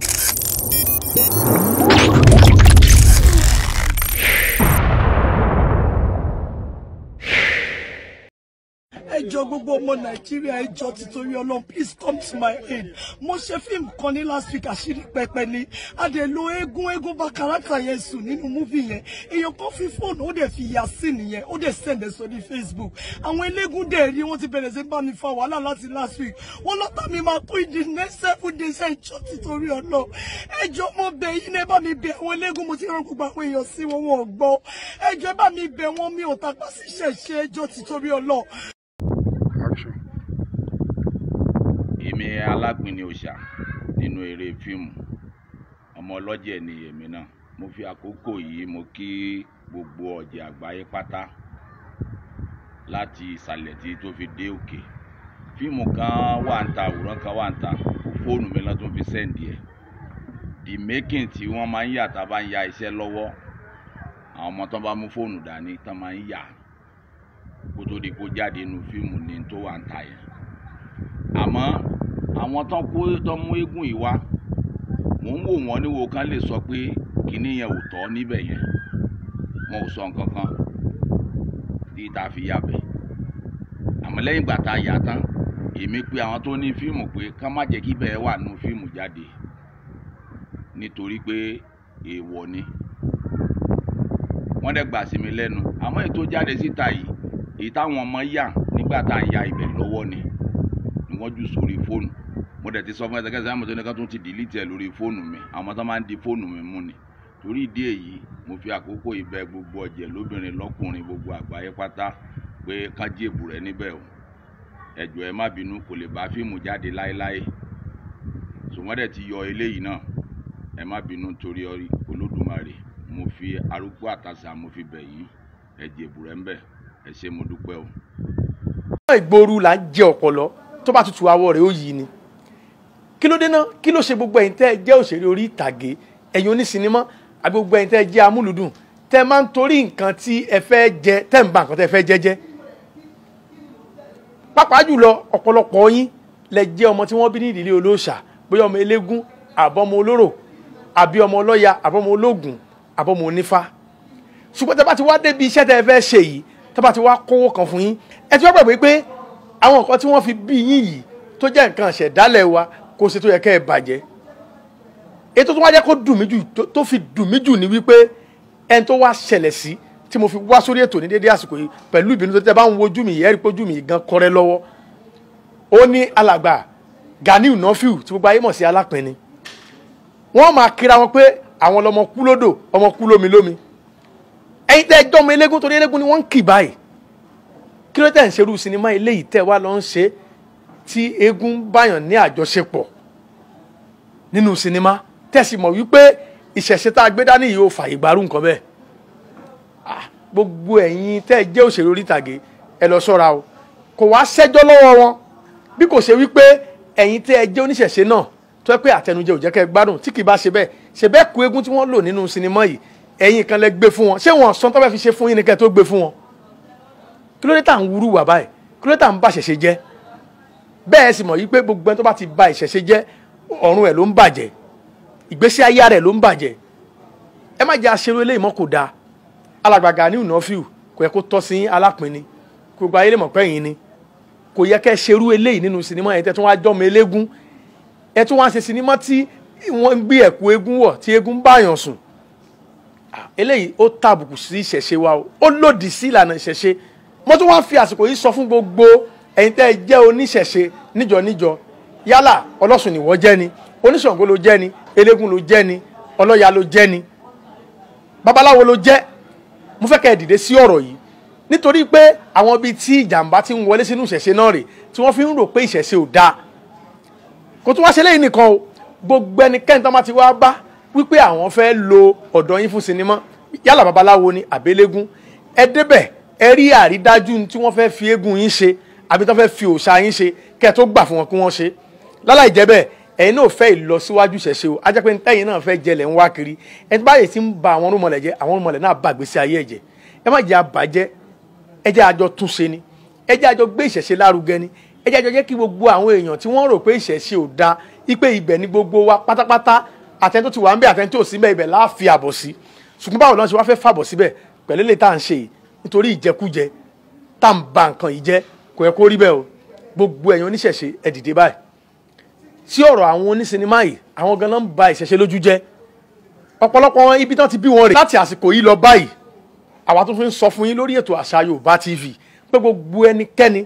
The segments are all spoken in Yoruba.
you ẹjọ gbogbo ọmọ nàìjíríà ẹjọ títorí Ọlọ́run please come to my aid mo ṣe fíìmù kan ní last week àṣírí pẹpẹ ni adèlò eégún eégún bá kàràkà yẹn sùn nínú múvì yẹn èèyàn kan fi fóònù ó dẹ̀ fi yà sí nìyẹn ó dẹ̀ sẹ̀ndẹ̀ sórí facebook àwọn eléégún dẹ̀ rí wọ́n ti bẹ̀rẹ̀ sí bá mi fa wàhálà láti last week wọ́n lọ́tà mi máa kú ìdí next seven days ẹjọ títorí Ọlọ́run ẹjọ mo bẹ yín ẹ bá mi bẹ àwọn eléégún mo ti rán gbogbo àwọn èèyàn sí wọn wọn ò ẹjọ ẹ bá mi bẹ wọn mi ò tapá síṣẹ̀ṣe ẹjọ títorí Ọlọ́run alápín ni òòṣà nínú eré fíìmù ọmọ ọlọ́jẹ̀ ni èmi náà mo fi àkókò yìí mo kí gbogbo ọ̀jẹ̀ àgbáyé pátá láti ìsàlẹ̀ tí tó fi dé òkè fíìmù kan wà ń ta àwòrán kan wà ń ta fóònù mi lọ́tún fi sẹ́ǹdì ẹ̀ the making tí wọ́n máa ń yà tá a bá ń ya iṣẹ́ lọ́wọ́ àwọn ọmọ tó bá mú fóònù dání tó máa ń yà kó tó di kó jáde nínú fíìmù ni tó wà ń ta yẹn àmọ́ àwọn tán kó tán mú eégún yìí wá mò ń wò wọ́n níwò kan lè sọ pé kinní yẹn ò tọ́ níbẹ̀ yẹn wọn ò sọ nǹkan kan tí tá a fi yà bẹ̀ àmọ́ lẹ́yìn ìgbà tá a yà tán èmi pé àwọn tó ní fíìmù pé ká má jẹ́ kí bẹ́ẹ̀ wà nù fíìmù jáde nítorí pé èèwọ̀ ni wọ́n dẹ̀ gbà sí mi lẹ́nu àmọ́ èyí tó jáde síta yìí èyí táwọn ọmọ yà nígbà tá a ya ibẹ̀ lọ́wọ́ ni ni wọ́n jù sórí fóònù mo dẹ̀ ti sọ fún ẹsẹ̀kẹsẹ̀ àmọ́ tó ní ká tún ti dìlítì ẹ̀ lórí fóònù mi àwọn tó máa ń di fóònù mi mú ni torí ìdí èyí mo fi àkókò ìbẹ gbogbo ọ̀jẹ̀ lóbìnrin lọ́kùnrin gbogbo àgbáyé pátá pé kájí èbù rẹ níbẹ̀ o ẹ̀jọ̀ ẹ má bínú kò lè bá fíìmù jáde láéláé ṣùgbọ́n ti yọ eléyìí náà ẹ má bínú torí olódùmarè mo fi arúgbó àtàsà mo fi bẹ̀ yín ẹ̀jẹ̀ èbù rẹ ń bẹ̀ ẹ ṣé mo dúpẹ́ o. ìgboro là ń jẹ ọpọlọ tó bá tutù awọ rẹ ó yí ni kí ló dé náà kí ló ṣe gbogbo ẹ̀yin tẹ́ ẹ jẹ́ òṣèré orí ìtàgé ẹ̀yin onísinimá àbí gbogbo ẹ̀yin tẹ́ ẹ jẹ́ amúlùdùn tẹ́ ẹ máa ń torí nǹkan tí ẹ fẹ́ jẹ tẹ́ ẹ ń ba nǹkan tẹ́ ẹ fẹ́ jẹ jẹ́ pàápàá jùlọ ọ̀pọ̀lọpọ̀ yín lẹ jẹ́ ọmọ tí wọ́n bí ní ìdílé olóòṣà bóyá ọmọ eléégún àbọ̀mọ olóró àbí ọmọ ọlọ́ya àbọ̀mọ ológun àbọ̀mọ onífá ṣùgbọ́n tẹ́ bá ti wá tó jẹ́ nǹkan ṣẹ̀dálẹ̀ wa kò sí tó yẹ kẹ́ ẹ bàjẹ́ ètò tó wá jẹ́ kó dùn mí jù tó fi dùn mí jù ní wípé ẹni tó wá ṣẹlẹ̀ sí tí mo fi wá sórí ètò ní déédéé àsìkò yìí pẹ̀lú ìbínú tó tẹ́ bá ń wojú mi yẹ́rì pójú mi gan kọrẹ́ lọ́wọ́ ó ní alàgbà Ganiu Nafiu tí gbogbo ayé mọ̀ sí alápẹ̀ni wọ́n máa kíra wọn pé àwọn lọmọ kú lódò ọmọ kú lómi lómi ẹ̀yin tẹ́ ẹjọ́ ọmọ eléégún torí eléégún ni wọ́n ń kì báyìí kí ló tẹ̀ ń ṣerú sinimá eléyìí tẹ́ wá lọ ń ṣe é tí eégún báyàn ní àjọṣepọ̀ nínú sinimá tẹ̀sí mọ̀ wípé ìṣẹ̀ṣe tá a gbé dání yìí ó fààyè gbarú nǹkan bẹ́ẹ̀ gbogbo ẹ̀yin tẹ́ ẹ jẹ́ òṣèré orí ìtàgé ẹ lọ sọ́ra o kò wá ṣẹ́jọ́ lọ́wọ́ wọn bí kò ṣe wípé ẹ̀yin tẹ́ ẹ jẹ́ oníṣẹ̀ṣe náà tó ẹ pé àtẹnujẹ ò jẹ́ kẹ́ ẹ gbádùn tí kì í bá ṣe bẹ́ẹ̀ ṣe bẹ́ẹ̀ kú eégún tí wọ́n lò nínú sinimá yìí ẹ̀yin kan lẹ gbé fún wọn ṣé wọn sọ tó fẹ́ fi ṣe fún yín ni kẹ́ tó gbé fún wọn kí ló dé tà ń wúrú wà báyìí kí ló dé tà ń bàṣẹ̀ṣe jẹ́ bẹ́ẹ̀ sì mọ̀ yí pé gbogbo ẹni tó bá ti ba ìṣẹ̀ṣe jẹ́ ọ̀run ẹ̀ ló ń bàjẹ́ ìgbésí ayé rẹ̀ ló ń bàjẹ́ ẹ má jẹ́ aṣerú eléyìí mọ́ kò dáa alàgbàgà ní ìnáfíù kò yẹ kó tọ́ sí alápinni kò gba ayélujára mọ̀pẹ́ yìí ni kò yẹ kẹ́ ṣerú eléyìí nínú sinimá yẹn tẹ́ tún wá jọ́mọ eléégún ẹ tún wá ṣe sinimá tí wọ́n ń gbé ẹ̀kú eégún wọ̀ tí eégún báyàn sùn eléyìí ó tàbùkù sí ìṣẹ̀ṣe wa o ó lòdì sí ìlànà ìṣẹ̀ṣe mo tún wá fi àsìkò yìí sọ fún gbogbo ẹ̀yin tẹ́ ẹ jẹ́ oníṣẹ̀ṣe níjọ níjọ yálà ọlọ́sùn nìwọ jẹ́ ni oníṣàngó ló jẹ́ ni eléégún ló jẹ́ ni ọlọ́ya ló jẹ́ ni babaláwo ló jẹ́ mo fẹ́ kẹ́ ẹ dìde sí ọ̀rọ̀ yìí nítorí pé àwọn ibi tí ìjàmbá ti ń wọlé sínú ìṣẹ̀ṣe náà rè tí wọ́n fi ń rò pé ìṣẹ̀ṣe ò dáa kò tún wá ṣe léyìn nìkan o gbogbo ẹnikẹ́ni tó máa ti wá bá wípé àwọn fẹ́ lo ọ̀dọ̀ yín fún sinimá yálà babaláwo ni àbélégún ẹ débẹ̀ ẹ rí àrídájú tí wọ́n fẹ́ fi eégún yín ṣe àbí tó fẹ́ fi òòṣà yín ṣe kẹ́ ẹ tó gbà fún wọn kí wọ́n ṣe láláì jẹ́ bẹ́ẹ̀ ẹ̀yin náà fẹ́ ìlọsíwájú ṣẹ̀ṣe o ajá pé ẹ̀yin náà fẹ́ jẹlẹ̀ ń wá kiri ẹ̀ tó báyìí ti ń ba àwọn orúnmọ̀lẹ̀ jẹ́ àwọn orúnmọ̀lẹ̀ náà bàgbé sí ayé ẹ̀jẹ̀ ẹ má jẹ́ àbàjẹ́ ẹ jẹ́ àjọ túnṣe ni ẹ àjọ gbé ìṣẹ̀ṣe lárugẹ ni ẹ àjọ jẹ́ kí gbogbo àwọn èèyàn tí wọ́n rò pé ìṣẹ̀ṣe ò da ipe ibẹ̀ ni gbogbo wa pátápátá àtẹni tó ti wà ń bẹ àtẹni tó ibẹ̀ la fi àbọ̀ sí ṣùgbọ́n báwo lọ́n ṣe wá fẹ́ fàbọ̀ síbẹ̀ pẹ̀lú lè tá à ń ṣe yìí nítorí ìjẹkújẹ tá à ń ba nǹkan yìí jẹ́ kò yẹ kó rí bẹ́ẹ̀ o gbogbo ẹ̀yin oníṣẹ̀ṣe ẹ dìde báyìí sí ọ̀rọ̀ àwọn onísinimá yìí àwọn ganan ń ba ìṣẹ̀ṣe lójú jẹ́ ọ̀pọ̀lọpọ̀ wọn ibi tán ti bí wọn rè láti àsìkò yìí lọ báyìí àwa tó fi ń sọ fún yín lórí ètò àṣà Yorùbá TV pé gbogbo ẹnikẹ́ni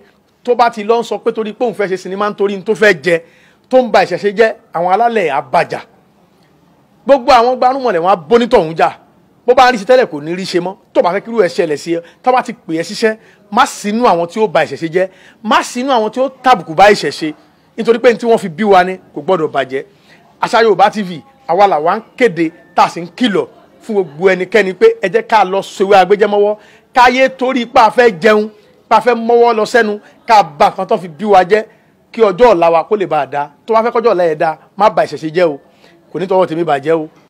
tó bá ti lọ ń sọ pé torí pé òun fẹ́ ṣe sinimá nítorí tó fẹ́ jẹ tó ń ba ìṣẹ̀ṣe jẹ́ àwọn alálẹ̀ àbàjá gbogbo àwọn gbanúmọ̀lẹ̀ wọn abónítọ̀hún jà bó bá ń rí ṣe tẹ́lẹ̀ kò ní rí ṣe mọ́ tó bá fẹ́ kí irú ẹ̀ ṣẹlẹ̀ sí ẹ tó bá ti pè ẹ́ ṣiṣẹ́ má sínú àwọn tí ó ba ìṣẹ̀ṣe jẹ́ má sínú àwọn tí ó tàbùkù bá ìṣẹ̀ṣe nítorí pé ní tí wọ́n fi bí wa ni kò gbọ́dọ̀ bàjẹ́ àṣà Yorùbá TV àwa làwa ń kéde tá a sì ń kìlọ̀ fún gbogbo ẹnikẹ́ni pé ẹ jẹ́ ká lọ sowé agbẹ́jẹ́mọ́wọ́ káyé torí pa fẹ́ jẹun pa fẹ́ mọ́wọ́ lọ sẹ́nu ká ba nǹkan tó fi bí wa jẹ́ kí ọjọ́ ọ̀la wa kó lè bá a da tó bá fẹ́ kọjọ́ ọ̀la yẹn da má ba ìṣẹ̀ṣe jẹ́ o kò ní tọwọ́ tèmi bàjẹ́ o